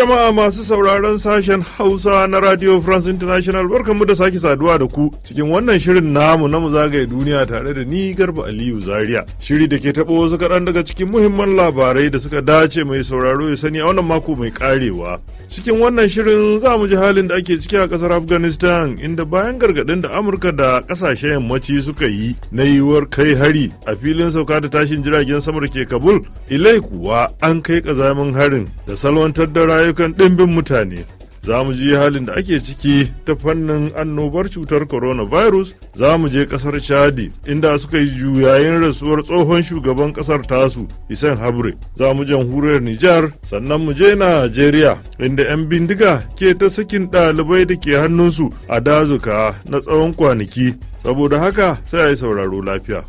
Jama'a masu sauraron sashen Hausa na Radio France International barkamu da sake saduwa da ku cikin wannan shirin namu na zagaye duniya tare da ni Garba Aliyu Zaria. Shiri da ke taɓo wasu kaɗan daga cikin muhimman labarai da suka dace mai sauraro ya sani a wannan mako mai karewa. Cikin wannan shirin za mu ji halin da ake ciki a ƙasar Afghanistan inda bayan gargaɗin da Amurka da ƙasashen yammaci suka yi na yiwuwar kai hari a filin sauka da tashin jiragen sama da ke Kabul, ilai kuwa an kai ƙazamin harin da salwantar da rayu rayukan ɗimbin mutane. Za mu ji halin da ake ciki ta fannin annobar cutar coronavirus za mu je ƙasar Chadi inda suka yi juyayin rasuwar tsohon shugaban ƙasar tasu isan Habre. Za mu jamhuriyar Nijar sannan mu je Najeriya inda 'yan bindiga ke ta sakin ɗalibai da ke hannunsu a dazuka na tsawon kwanaki. Saboda haka sai a yi sauraro lafiya.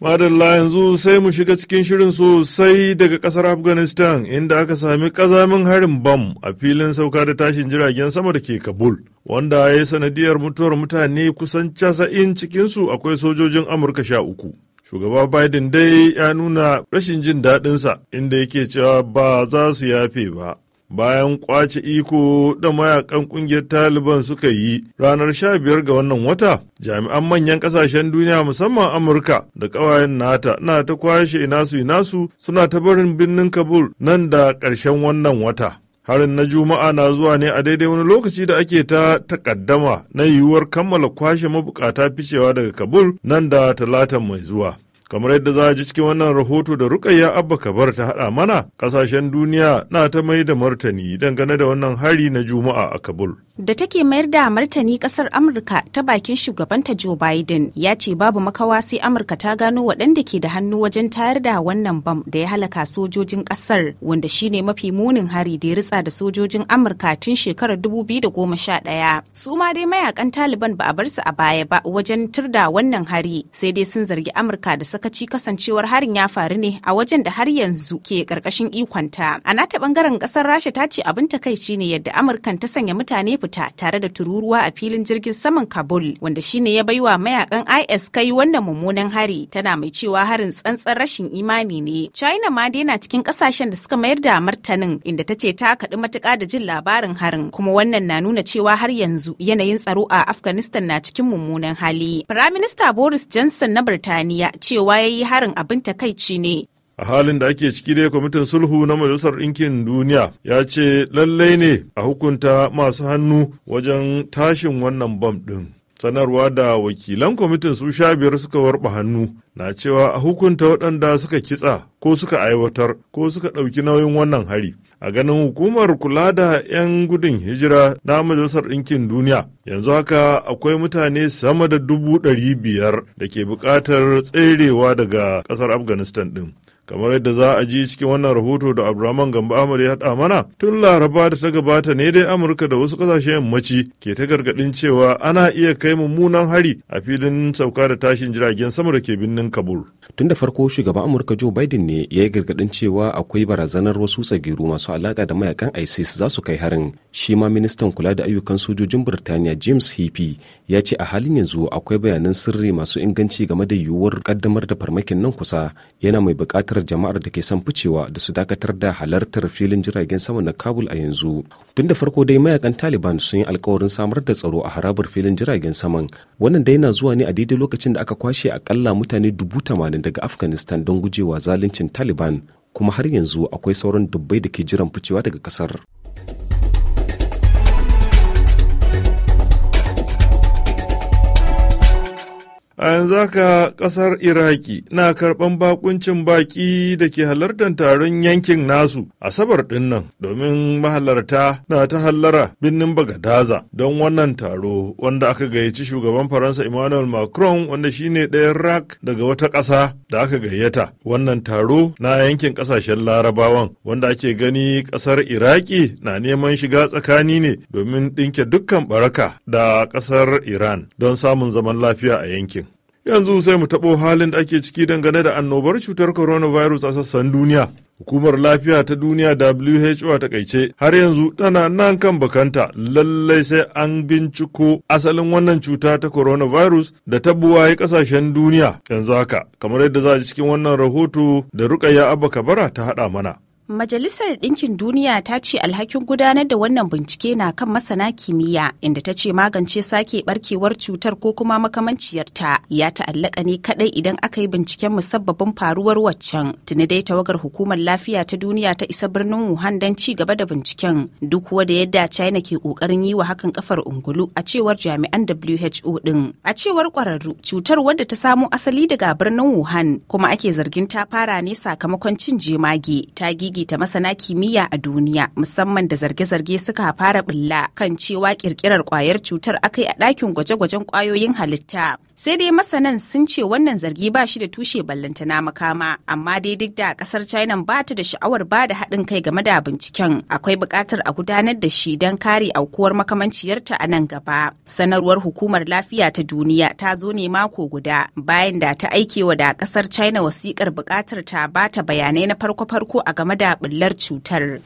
madalla yanzu sai mu shiga cikin shirin sosai daga kasar afghanistan inda aka sami kazamin harin bam a filin sauka da tashin jiragen sama da ke kabul wanda ya yi sanadiyar mutuwar mutane kusan casa'in cikinsu akwai sojojin amurka sha uku shugaba biden dai ya nuna rashin jin daɗinsa inda yake cewa ba za su yafe ba bayan kwace iko da mayakan kungiyar taliban suka yi ranar sha biyar ga wannan wata jami'an manyan kasashen duniya musamman amurka da ƙawayen nata na ta kwashe inasu inasu suna ta barin birnin kabul nan da ƙarshen wannan wata harin na juma'a na zuwa ne a daidai wani lokaci da ake ta takaddama na yiwuwar kammala kwashe mabukata ficewa daga kabul nan da talatan mai zuwa Kamar yadda za a ji cikin wannan rahoto da Rukayya Abba Kabar ta hada mana, kasashen duniya na ta mai da martani dangane da wannan hari na Juma'a a Kabul. Da take mayar da martani kasar Amurka ta bakin shugabanta Joe Biden ya ce babu makawa sai Amurka ta gano waɗanda ke da hannu wajen tayar da wannan bam da ya halaka sojojin kasar wanda shine mafi munin hari da ya ritsa da sojojin Amurka tun shekarar 2011. Su ma dai mayakan Taliban ba a bar su a baya ba wajen turda wannan hari sai dai sun zargi Amurka da sakaci kasancewar harin ya faru ne a wajen da har yanzu ke karkashin ikonta a nata bangaren kasar rasha ta ce abin takaici ne yadda amurkan ta sanya mutane fita tare da tururuwa a filin jirgin saman kabul wanda shine ya baiwa mayakan is kai wannan mummunan hari tana mai cewa harin tsantsan rashin imani ne china ma dai na cikin kasashen da suka mayar da martanin inda ta ce ta kaɗi matuƙa da jin labarin harin kuma wannan na nuna cewa har yanzu yanayin tsaro a afghanistan na cikin mummunan hali firaminista boris johnson na birtaniya cewa cewa ya yi harin abin takaici ne. a halin da ake ciki dai kwamitin sulhu na majalisar ɗinkin duniya ya ce lallai ne a hukunta masu hannu wajen tashin wannan bam ɗin sanarwa da wakilan kwamitin su sha biyar suka warɓa hannu na cewa a hukunta waɗanda suka kitsa ko suka aiwatar ko suka ɗauki nauyin wannan hari a ganin hukumar kula da 'yan gudun hijira na majalisar ɗinkin duniya yanzu haka akwai mutane sama da dubu ɗari biyar da ke buƙatar tserewa daga ƙasar afghanistan ɗin kamar yadda za a ji cikin wannan rahoto da abdulrahman gamba amadu ya haɗa mana tun laraba da ta gabata ne dai amurka da wasu ƙasashen yammaci ke ta gargaɗin cewa ana iya kai mummunan hari a filin sauka da tashin jiragen sama da ke birnin kabul tun da farko shugaban amurka joe biden ne ya yi gargaɗin cewa akwai barazanar wasu tsagiru masu alaƙa da mayakan isis za su kai harin shi ma ministan kula da ayyukan sojojin birtaniya james hippy ya ce a halin yanzu akwai bayanan sirri masu inganci game da yiwuwar ƙaddamar da farmakin nan kusa yana mai buƙatar ɗaukar jama'ar da ke son ficewa da su dakatar da halartar filin jiragen sama na kabul a yanzu tun da farko dai mayakan taliban sun yi alkawarin samar da tsaro a harabar filin jiragen saman wannan dai na zuwa ne a daidai lokacin da aka kwashe akalla mutane dubu tamanin daga afghanistan don gujewa zaluncin taliban kuma har yanzu akwai sauran dubbai da ke jiran ficewa daga kasar a yanzu haka kasar iraki na karban bakuncin baki da ke halartar taron yankin nasu asabar dinnan domin mahalarta na ta hallara birnin bagadaza don wannan taro wanda aka gayyaci shugaban faransa emmanuel macron wanda shine ɗayan rak daga wata ƙasa da aka gayyata wannan taro na yankin ƙasashen larabawan wanda ake gani ƙasar iraki na neman shiga tsakani ne domin ɗinke dukkan baraka da ƙasar iran don samun zaman lafiya a yankin Yanzu sai mu taɓo halin da ake ciki dangane da annobar cutar coronavirus a sassan duniya. Hukumar lafiya ta duniya WHO a takaice har yanzu tana nan kan bakanta lallai sai an binciko asalin wannan cuta ta coronavirus da ta buwaye kasashen duniya yanzu haka kamar yadda za a cikin wannan rahoto da Rukayya abba kabara ta haɗa mana. Majalisar Ɗinkin Duniya ta ce alhakin gudanar da wannan bincike na kan masana kimiyya inda ta ce magance sake barkewar cutar ko kuma makamanciyarta ya ta'allaka ne kadai idan aka yi binciken musabbabin faruwar waccan. Tuni dai tawagar hukumar lafiya ta duniya ta isa birnin Wuhan don ci gaba da binciken duk da yadda China ke kokarin yi wa hakan kafar ungulu a cewar jami'an WHO din. A cewar kwararru cutar wadda ta samo asali daga birnin Wuhan kuma ake zargin ta fara ne sakamakon cin jemage ta gigi ta masana kimiyya a duniya musamman da zarge-zarge suka fara bulla kan cewa kirkirar kwayar cutar akai a ɗakin gwaje-gwajen kwayoyin halitta sai dai masanan sun ce wannan zargi ba shi da tushe ballantana makama amma dai duk da kasar china ba ta da sha'awar ba da haɗin kai game da binciken akwai buƙatar a gudanar da shi don kare aukuwar makamanciyarta a nan gaba sanarwar hukumar lafiya ta duniya ta zo ne mako guda bayan da ta aike wa da kasar china wasikar buƙatar ta ba ta bayanai na farko-farko a game da ɓullar cutar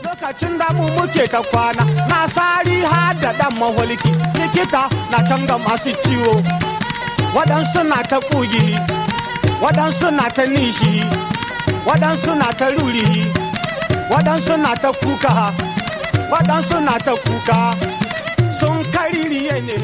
lokacin da mu muke ta kwana na sari har da dan maholiki likita na canza masu ciwo waɗansu na ta ƙugi waɗansu na ta nishi waɗansu na ta ruri waɗansu na ta kuka waɗansu na ta kuka sun kariri ne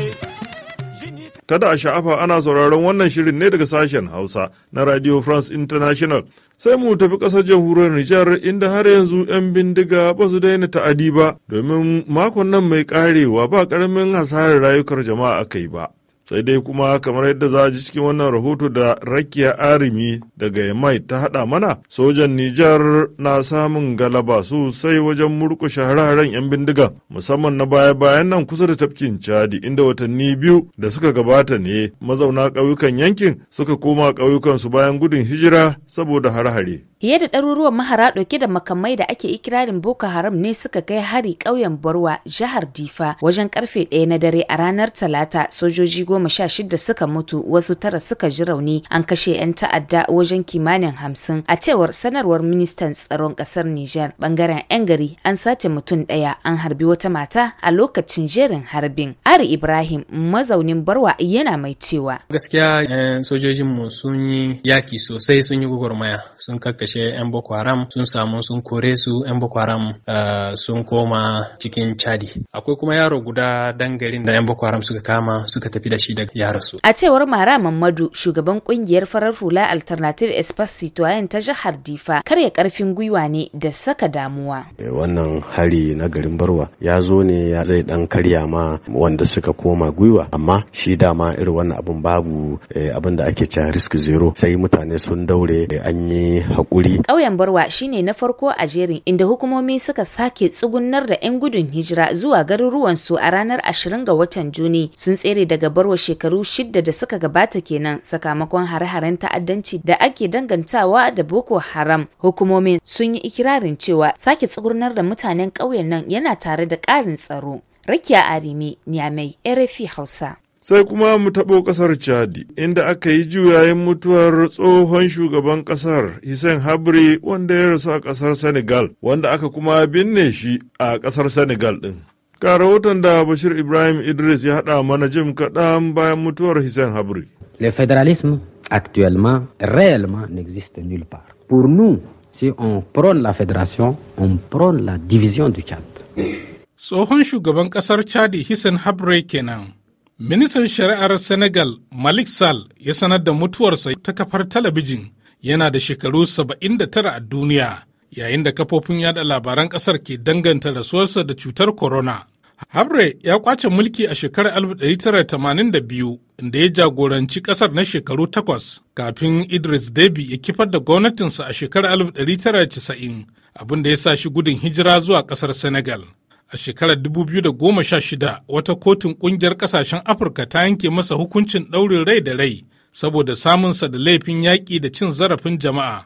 Kada a sha'afa ana sauraron wannan shirin ne daga sashen Hausa na Radio France International. Sai mu tafi ƙasar jamhuriyar Nijar inda har yanzu 'yan bindiga ba su daina ta'adi ba domin makon nan mai karewa ba ƙaramin hasarar rayukar jama'a aka ba. sai dai kuma kamar yadda za a ji cikin wannan rahoto da rakiya arimi daga yamai ta hada mana sojan nijar na samun galaba sosai wajen murkushe hararen 'yan bindigan musamman na baya-bayan nan kusa da tafkin chadi inda watanni biyu da suka gabata ne mazauna ƙauyukan yankin suka koma ƙauyukansu bayan gudun hijira saboda harhare. Fiye da ɗaruruwan mahara ɗauke da makamai da ake ikirarin Boko Haram ne suka kai hari ƙauyen Barwa, jihar Difa, wajen karfe ɗaya na dare a ranar Talata, sojoji goma goma sha shida suka mutu wasu tara suka ji rauni an kashe 'yan ta'adda wajen kimanin hamsin a cewar sanarwar ministan tsaron ƙasar Nijar bangaren 'yan gari an sace mutum ɗaya an harbi wata mata a lokacin jerin harbin. Ari Ibrahim mazaunin Barwa yana mai cewa. Gaskiya eh, sojojin sojojinmu sun yi yaki sosai sun yi gwagwarmaya sun kakkashe 'yan Boko Haram sun samu sun kore su 'yan Boko Haram eh, sun koma cikin Chadi. Akwai kuma yaro guda dangarin da 'yan Boko Haram suka kama suka tafi da lokaci da ya rasu. A cewar Mara Mamadu shugaban kungiyar farar hula Alternative Espace Citoyen ta jihar Difa karya karfin gwiwa ne da saka damuwa. Eh, wannan hari na garin Barwa ya zo ne ya zai dan karya ma wanda suka koma gwiwa amma shi dama irin wannan abun babu eh, abin da ake cewa risk zero sai mutane sun daure eh, an yi hakuri. Ƙauyen Barwa shine na farko a jerin inda hukumomi suka sake tsugunnar da 'yan gudun hijira zuwa garuruwansu a ranar 20 ga watan Juni sun tsere daga Barwa wa shekaru shidda da suka gabata kenan sakamakon hare-haren ta'addanci da ake dangantawa da Boko Haram. Hukumomin sun yi ikirarin cewa sake tsugunar da mutanen ƙauyen nan yana tare da ƙarin tsaro. Rakiya Arimi, Niamey, RFI Hausa. sai kuma mu taɓo ƙasar chadi inda aka yi juyayin mutuwar tsohon shugaban ƙasar hussein habri wanda ya rasu a ƙasar senegal wanda aka kuma binne shi a ƙasar senegal ɗin Ga rahoton da Bashir Ibrahim Idris ya hada mana jim kaɗan bayan mutuwar Hussein Habri. Le federalism actuellement réellement n'existe nulle part. Pour nous, si on prône la fédération, on prône la division du Tchad. Tsohon shugaban kasar Chadi Hussein Habre kenan. Ministan Shari'ar Senegal Malik Sall ya sanar da mutuwarsa ta kafar talabijin yana da shekaru 79 a duniya yayin da kafofin yada labaran kasar ke danganta rasuwarsa da cutar corona. Habre ya kwace mulki a shekarar 1982 inda ya jagoranci kasar na shekaru takwas kafin Idris Deby ya kifar da gwamnatinsa a shekarar 1990 da ya sa shi gudun hijira zuwa kasar Senegal. A shekarar 2016 wata kotun kungiyar kasashen Afirka ta yanke masa hukuncin ɗaurin rai da rai saboda samunsa da laifin yaƙi da cin zarafin jama'a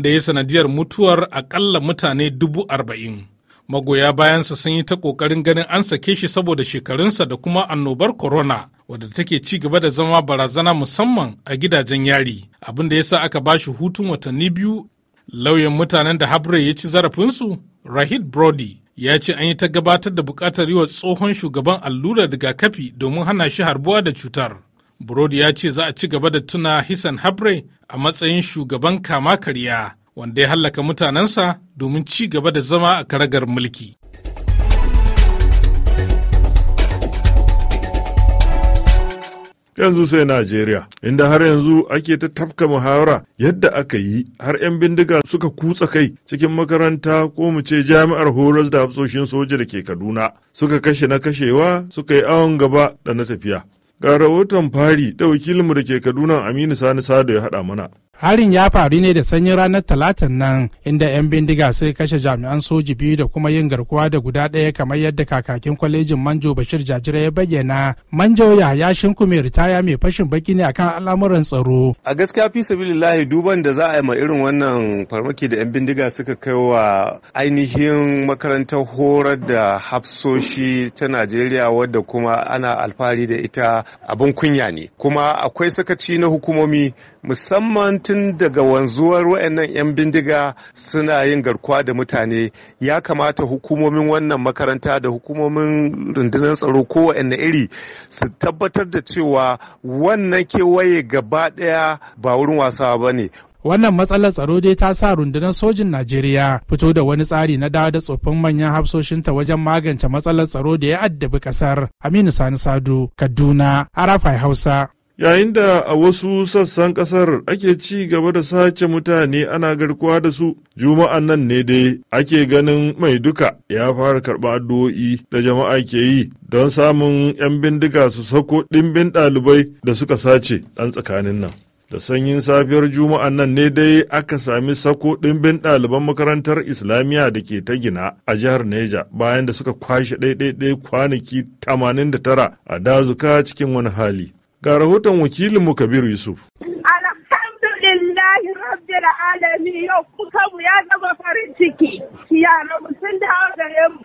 da ya sanadiyar mutuwar aƙalla mutane dubu arba'in. magoya bayansa sun yi ta ƙoƙarin ganin an sake shi saboda shekarunsa da kuma annobar corona wadda take ci gaba da zama barazana musamman a gidajen yari abin da yasa aka bashi hutun watanni biyu lauyan mutanen da habre ya ci zarafinsu rahid brody ya ce an yi ta gabatar da bukatar yi wa tsohon shugaban allurar rigakafi domin hana shi harbuwa da cutar brody ya ce za a ci gaba da tuna hisan habre a matsayin shugaban kama karya wanda ya hallaka mutanensa domin ci gaba da zama a karagar mulki. yanzu sai Najeriya, inda har yanzu ake ta tafka muhawara yadda aka yi har 'yan bindiga suka kutsa kai cikin makaranta ko mu ce jami'ar horas da hafsoshin soja da ke Kaduna suka kashe na kashewa suka yi awon gaba da na tafiya. Ga rahoton fari da wakilinmu da ke Kaduna Aminu Sani Sado ya hada mana. Harin ya faru ne da sanyin ranar talatin nan inda 'yan bindiga sai kashe jami'an soji biyu da kuma yin garkuwa da guda ɗaya kamar yadda kakakin kwalejin Manjo Bashir Jajira ya bayyana. Manjo ya Shinku mai ritaya mai fashin baki ne akan al'amuran tsaro. A gaskiya fi sabilillahi duban da za a yi ma irin wannan farmaki da 'yan bindiga suka kai wa ainihin makarantar horar da hafsoshi ta Najeriya wadda kuma ana alfahari da ita abin kunya ne kuma akwai sakaci na hukumomi musamman tun daga wanzuwar waɗannan 'yan bindiga suna yin garkuwa da mutane ya kamata hukumomin wannan makaranta da hukumomin rundunar tsaro ko wa'annan iri su tabbatar da cewa wannan kewaye gaba ɗaya ba wurin wasa ba ne wannan matsalar tsaro dai ta sa rundunar sojin najeriya fito da wani tsari na dawo da tsoffin manyan hafsoshinta wajen magance matsalar tsaro da ya addabi kasar aminu sani sadu kaduna arafai hausa yayin da a wasu sassan kasar ake ci gaba da sace mutane ana garkuwa da su juma'a nan ne dai ake ganin mai duka ya fara karɓa addu'o'i da jama'a ke yi don samun 'yan bindiga su sako ɗimbin ɗalibai da suka sace ɗan tsakanin nan da sanyin safiyar juma'a nan ne dai aka sami sako ɗimbin ɗaliban makarantar islamiyya da ke ta gina a jihar neja bayan da suka kwashe ɗaiɗaiɗai kwanaki 89 a dazuka cikin wani hali ga rahoton wakilinmu kabir yusuf alhamdulillahi rabbil alami yau kuka ya zama farin ciki yaran sun dawo gare mu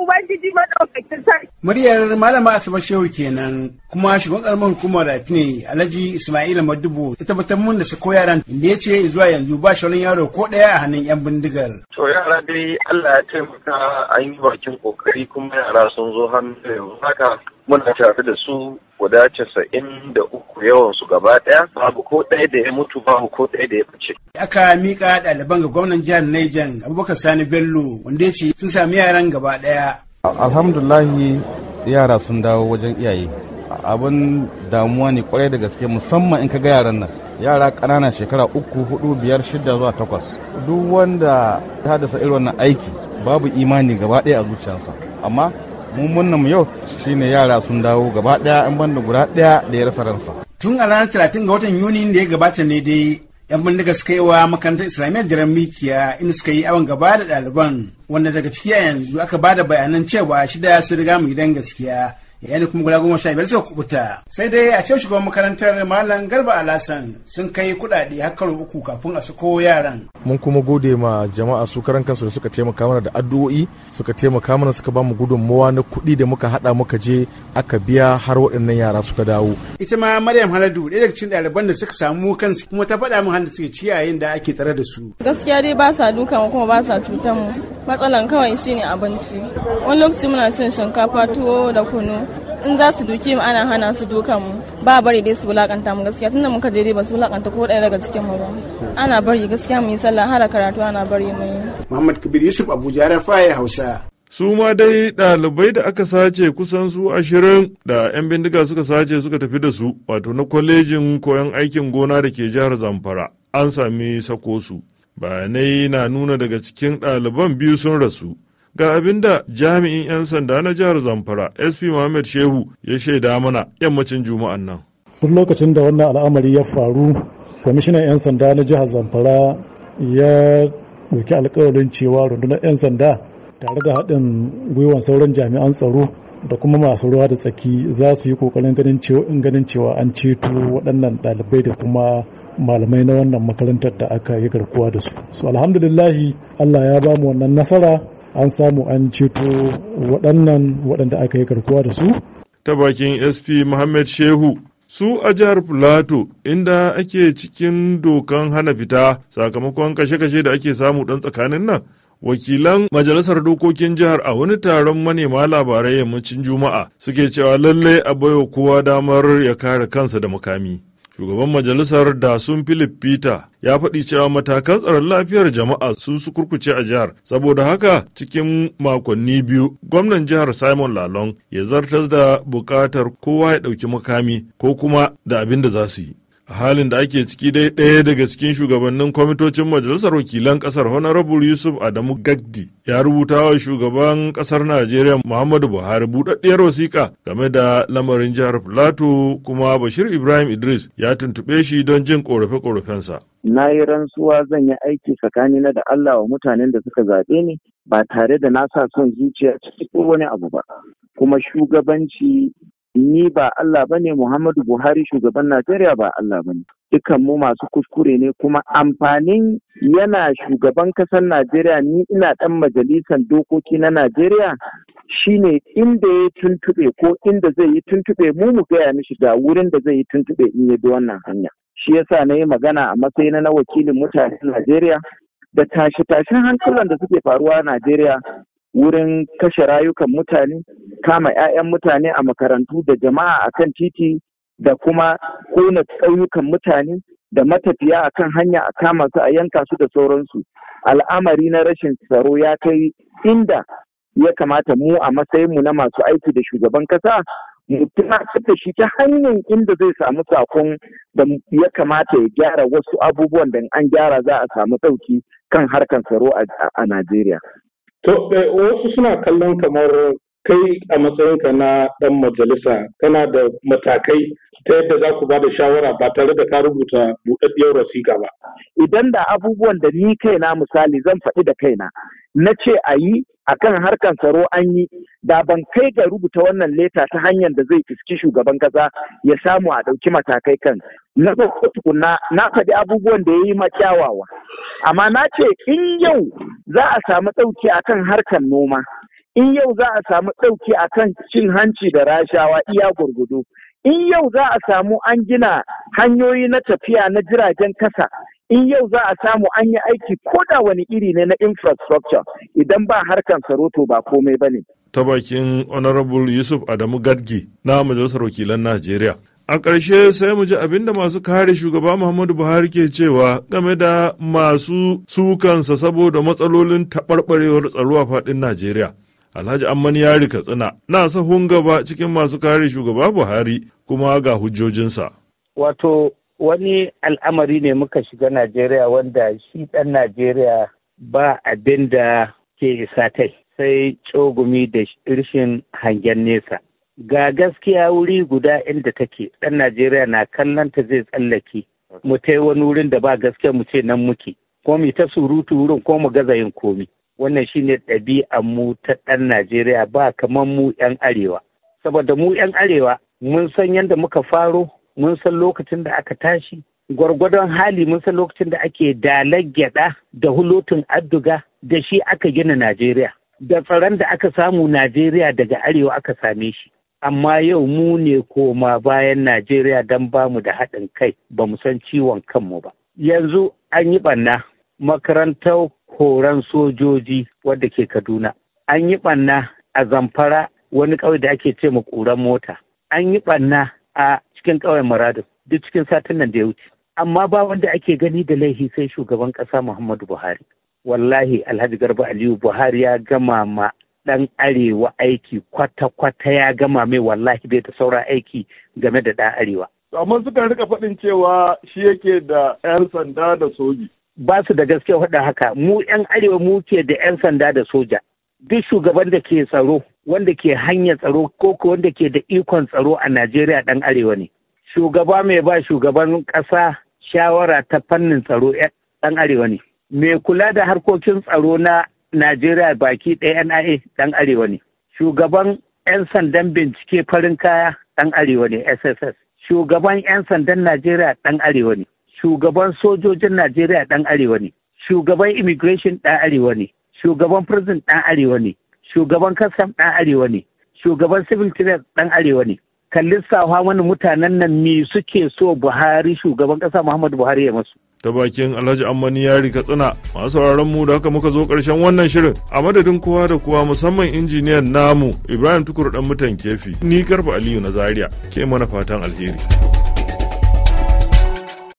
Ubangiji madaukakin sarki. Muryar Malama Asabar Shehu kenan kuma shugaban karamar hukumar rafi ne Alhaji Ismail Madubu ta tabbatar mun da su ko yaran inda ya ce zuwa yanzu ba shi wani yaro ko ɗaya a hannun 'yan bindigar. To yara dai Allah ya taimaka an yi bakin kokari kuma yara sun zo hannun yanzu haka muna tare da su guda casa'in da uku yawan su gaba ɗaya babu ko ɗaya da ya mutu babu ko ɗaya da ya ɓace. aka mika ɗaliban ga gwamnan jihar Niger Abubakar Sani Bello wanda ya ce sun sami yaran gaba daya. Alhamdulahi yara sun dawo wajen iyaye abin damuwa ne kwarai da gaske musamman in ka ga yaran nan yara ƙanana shekara uku hudu biyar shida zuwa takwas duk wanda ta dasa irin wannan aiki babu imani gaba ɗaya a zuciyarsa amma mun mu yau shine yara sun dawo gaba daya an banda guda daya da ya rasa ransa tun a ranar talatin ga watan yuni da ya gabata ne dai yan bindiga suka yi wa makarantar islamiyyar jiran mikiya inda suka yi awon gaba da ɗaliban wanda daga ciki a yanzu aka ba da bayanan cewa shida sun riga mu gidan gaskiya yayin kuma guda goma sha biyar suka kubuta sai dai a cikin shugaban makarantar malam garba alasan sun kai kuɗaɗe har karo uku kafin a suko yaran mun kuma gode ma jama'a su karan kansu da suka taimaka mana da addu'o'i suka taimaka mana suka bamu mu gudunmawa na kuɗi da muka haɗa muka je aka biya har waɗannan yara suka dawo ita ma maryam haladu ɗaya daga cikin ɗaliban da suka samu kansu kuma ta faɗa min hannu suke ci yayin da ake tare da su gaskiya dai ba sa dukan kuma ba sa cutan mu matsalan kawai shine abinci wani lokaci muna cin shinkafa tuwo da kunu in za su duki mu ana hana su dukan mu ba bari dai su wulakanta mu gaskiya tunda muka je dai ba su wulakanta ko ɗaya daga cikin mu ba ana bari gaskiya mu yi sallah har karatu ana bari mu yi Muhammad Kabir Yusuf Abuja Rafaye Hausa su ma dai ɗalibai da aka sace kusan su ashirin da 'yan bindiga suka sace suka tafi da su wato na kwalejin koyon aikin gona da ke jihar zamfara an sami sako su bayanai na nuna daga cikin ɗaliban biyu sun rasu ga abin da jami'in 'yan sanda na jihar zamfara sp muhammad shehu ya shaida mana yammacin juma'an nan duk lokacin da wannan al'amari ya faru kwamishinan 'yan sanda na jihar zamfara ya ɗauki alkawarin cewa rundunar 'yan sanda tare da haɗin gwiwan sauran jami'an tsaro da kuma masu ruwa da tsaki za su yi ƙoƙarin ganin cewa an ceto waɗannan ɗalibai da kuma malamai na wannan makarantar da aka yi garkuwa da su. su alhamdulillahi Allah ya ba mu wannan nasara an samu an ceto waɗannan waɗanda aka yi karkuwa da su ta bakin sp muhammad shehu su a jihar plateau inda ake cikin dokan hana fita sakamakon kashe-kashe da ake samu ɗan tsakanin nan wakilan majalisar dokokin jihar a wani taron manema labarai yammacin juma'a suke cewa lallai a baiwa kowa damar ya kare kansa da mukami Shugaban majalisar dasun sun Philip Peter ya faɗi cewa matakan tsaron lafiyar jama'a sun su kurkuce a jihar saboda haka cikin makonni biyu gwamnan jihar Simon Lalong ya zartas da bukatar kowa ya ɗauki makami ko kuma da abin da za su yi. halin da ake ciki dai ɗaya daga cikin shugabannin kwamitocin majalisar wakilan ƙasar honorable yusuf adamu gagdi ya rubuta wa shugaban ƙasar najeriya muhammadu buhari buɗaɗɗiyar wasiƙa game da lamarin jihar plateau kuma bashir ibrahim idris ya tuntuɓe shi don jin ƙorafe-ƙorafensa na yi rantsuwa zan yi aiki tsakanina da allah wa mutanen da suka zaɓe ni ba tare da na sa son zuciya cikin wani abu ba kuma shugabanci ni ba Allah ba ne Muhammadu Buhari shugaban Najeriya ba Allah ba ne. Dukan mu masu kuskure ne kuma amfanin yana shugaban kasar Najeriya ni ina ɗan majalisar dokoki na Najeriya shine inda ya tuntuɓe ko inda zai yi tuntuɓe mu mu gaya mishi ga wurin da zai yi tuntuɓe in ya bi wannan hanya. Shi yasa na yi magana a matsayina na wakilin mutanen Najeriya da tashe-tashen hankulan da suke faruwa a Najeriya wurin kashe rayukan mutane kama 'ya'yan mutane a makarantu da jama'a a kan titi da kuma kona tsauyukan mutane da matafiya a kan hanya a kama su a yanka su da sauransu al'amari na rashin tsaro ya kai inda ya kamata mu a matsayinmu na masu aiki da shugaban kasa mutumatar da shi ta hanyar inda zai samu sakon da ya kamata ya gyara wasu abubuwan da an gyara za a samu sauki kan harkar tsaro a Najeriya. To, eh, wasu suna kallon kamar kai a matsayinka na ɗan majalisa kana da matakai ta yadda za ku ba da shawara ba tare da ka rubuta buɗaɗɗiyar wasiƙa ba. Idan da abubuwan da ni kaina misali zan faɗi da kaina, na ce a yi a kan harkan tsaro an yi da ban kai ga rubuta wannan leta ta hanyar da zai fiski shugaban kaza ya samu a ɗauki matakai kan na farko tukuna na faɗi abubuwan da ya yi makyawawa amma na ce in yau za a samu ɗauki akan harkar noma in yau za a samu ɗauki akan cin hanci da rashawa iya gurgudu in yau za a samu an gina hanyoyi na tafiya na jiragen kasa in yau za a samu an yi aiki ko da wani iri ne na infrastructure idan ba harkar saroto ba komai ba ne. ta bakin honorable yusuf adamu gadgi na majalisar wakilan najeriya A ƙarshe sai mu ji abin masu kare shugaba Muhammadu Buhari ke cewa game da masu sukansa saboda matsalolin taɓarɓarewar tsaro a faɗin Najeriya. Alhaji Amman rika tsina na sahun gaba cikin masu kare shugaba Buhari kuma ga hujjojinsa. Wato wani al'amari ne muka shiga Najeriya wanda shi ɗan Najeriya ba abin da ke satai sai tsogumi da rishin hangen nesa. ga gaskiya wuri guda inda take ɗan Najeriya na kallon ta zai tsallake mu tai wani wurin da ba gaskiya mu ce nan muke ko mu ta surutu wurin ko mu gaza yin komi wannan shine ɗabi'an mu ta ɗan Najeriya ba kamar mu 'yan arewa saboda mu 'yan arewa mun san yadda muka faro mun san lokacin da aka tashi gwargwadon hali mun san lokacin da ake dalar gyaɗa da hulotin adduga da shi aka gina Najeriya da tsaron da aka samu Najeriya daga arewa aka same shi amma yau mu ne koma bayan najeriya don ba mu da haɗin kai ba mu san ciwon kanmu ba yanzu an yi ɓanna makarantar horon sojoji wadda ke kaduna an yi ɓanna a zamfara wani ƙauye da ake ce ƙuran mota an yi ɓanna a cikin ƙauyen maradu duk cikin satin nan da ya wuce amma ba wanda ake gani da laihi sai shugaban ƙasa muhammadu buhari wallahi alhaji garba aliyu buhari ya gama ma ɗan arewa aiki kwata-kwata ya gama mai wallahi bai da sauran aiki game da ɗan arewa. amma suka rika faɗin cewa shi yake da 'yan sanda da soji. ba su da gaske faɗin haka mu 'yan arewa mu ke da 'yan sanda da soja duk shugaban da ke tsaro wanda ke hanyar tsaro ko wanda ke da ikon tsaro a najeriya 'dan arewa ne shugaba mai ba shugaban ƙasa shawara ta fannin tsaro eh, ɗan arewa ne mai kula da harkokin tsaro na Najeriya baki ɗaya NIA ɗan Arewa ne. Shugaban 'yan sandan bincike farin kaya ɗan Arewa ne SSS. Shugaban 'yan sandan Najeriya ɗan Arewa ne. Shugaban sojojin Najeriya ɗan Arewa ne. Shugaban immigration ɗan Arewa ne. Shugaban prison ɗan Arewa ne. Shugaban kasam ɗan Arewa ne. Shugaban civil defense ɗan Arewa ne. Kan lissafa wani mutanen nan me suke so Buhari shugaban ƙasa Muhammadu Buhari ya masu. ta bakin Alhaji Ammani Yari Katsina masu sauraron mu da haka muka zo karshen wannan shirin a madadin kowa da kowa musamman injiniyan namu Ibrahim Tukur dan mutan kefi ni karfe Aliyu na Zaria ke mana fatan alheri.